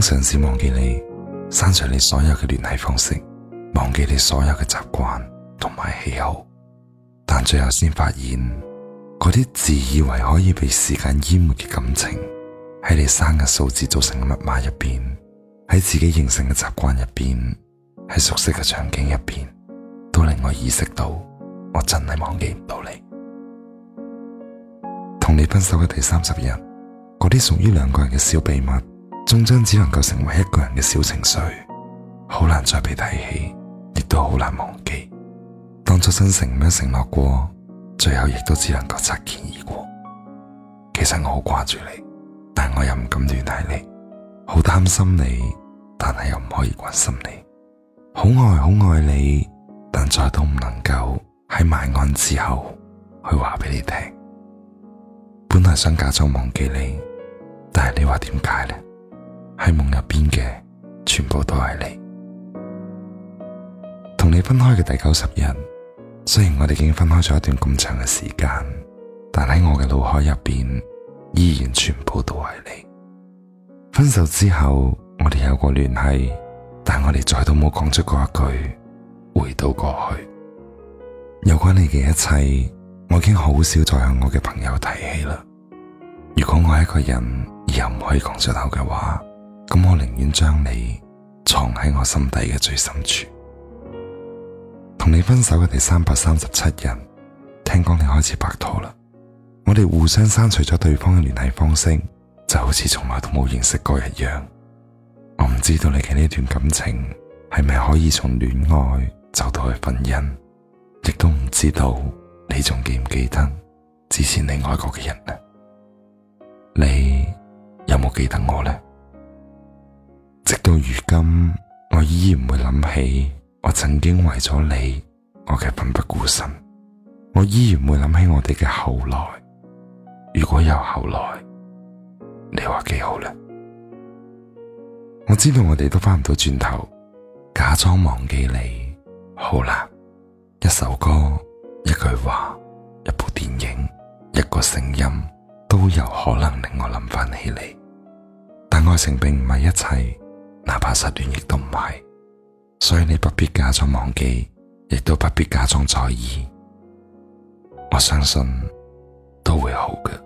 經嘗試忘記你，刪除你所有嘅聯繫方式，忘記你所有嘅習慣同埋喜好，但最後先發現，嗰啲自以為可以被時間淹沒嘅感情，喺你生嘅數字組成嘅密碼入邊，喺自己形成嘅習慣入邊，喺熟悉嘅場景入邊，都令我意識到，我真係忘記唔到你。同你分手嘅第三十日，嗰啲屬於兩個人嘅小秘密。終將只能夠成為一個人嘅小情緒，好難再被提起，亦都好難忘記。當初真誠咁樣承諾過，最後亦都只能夠擦肩而過。其實我好掛住你，但我又唔敢聯繫你，好擔心你，但係又唔可以關心你，好愛好愛你，但再都唔能夠喺埋案之後去話俾你聽。本來想假裝忘記你，但係你話點解呢？喺夢入邊嘅全部都係你，同你分開嘅第九十日，雖然我哋已經分開咗一段咁長嘅時間，但喺我嘅腦海入邊，依然全部都係你。分手之後，我哋有過聯繫，但我哋再都冇講出過一句回到過去。有關你嘅一切，我已經好少再向我嘅朋友提起啦。如果我係一個人又唔可以講出口嘅話。咁我寧願將你藏喺我心底嘅最深處。同你分手嘅第三百三十七日，聽講你開始拍拖啦。我哋互相刪除咗對方嘅聯繫方式，就好似從來都冇認識過一樣。我唔知道你嘅呢段感情係咪可以從戀愛走到去婚姻，亦都唔知道你仲記唔記得之前你愛過嘅人呢？你有冇記得我呢？到如今，我依然會諗起我曾經為咗你，我嘅奮不顧身。我依然會諗起我哋嘅後來。如果有後來，你話幾好呢？我知道我哋都翻唔到轉頭，假裝忘記你，好啦。一首歌，一句話，一部電影，一個聲音，都有可能令我諗翻起你。但愛情並唔係一切。哪怕失戀亦都唔係，所以你不必假裝忘記，亦都不必假裝在意。我相信都會好嘅。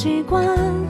習慣。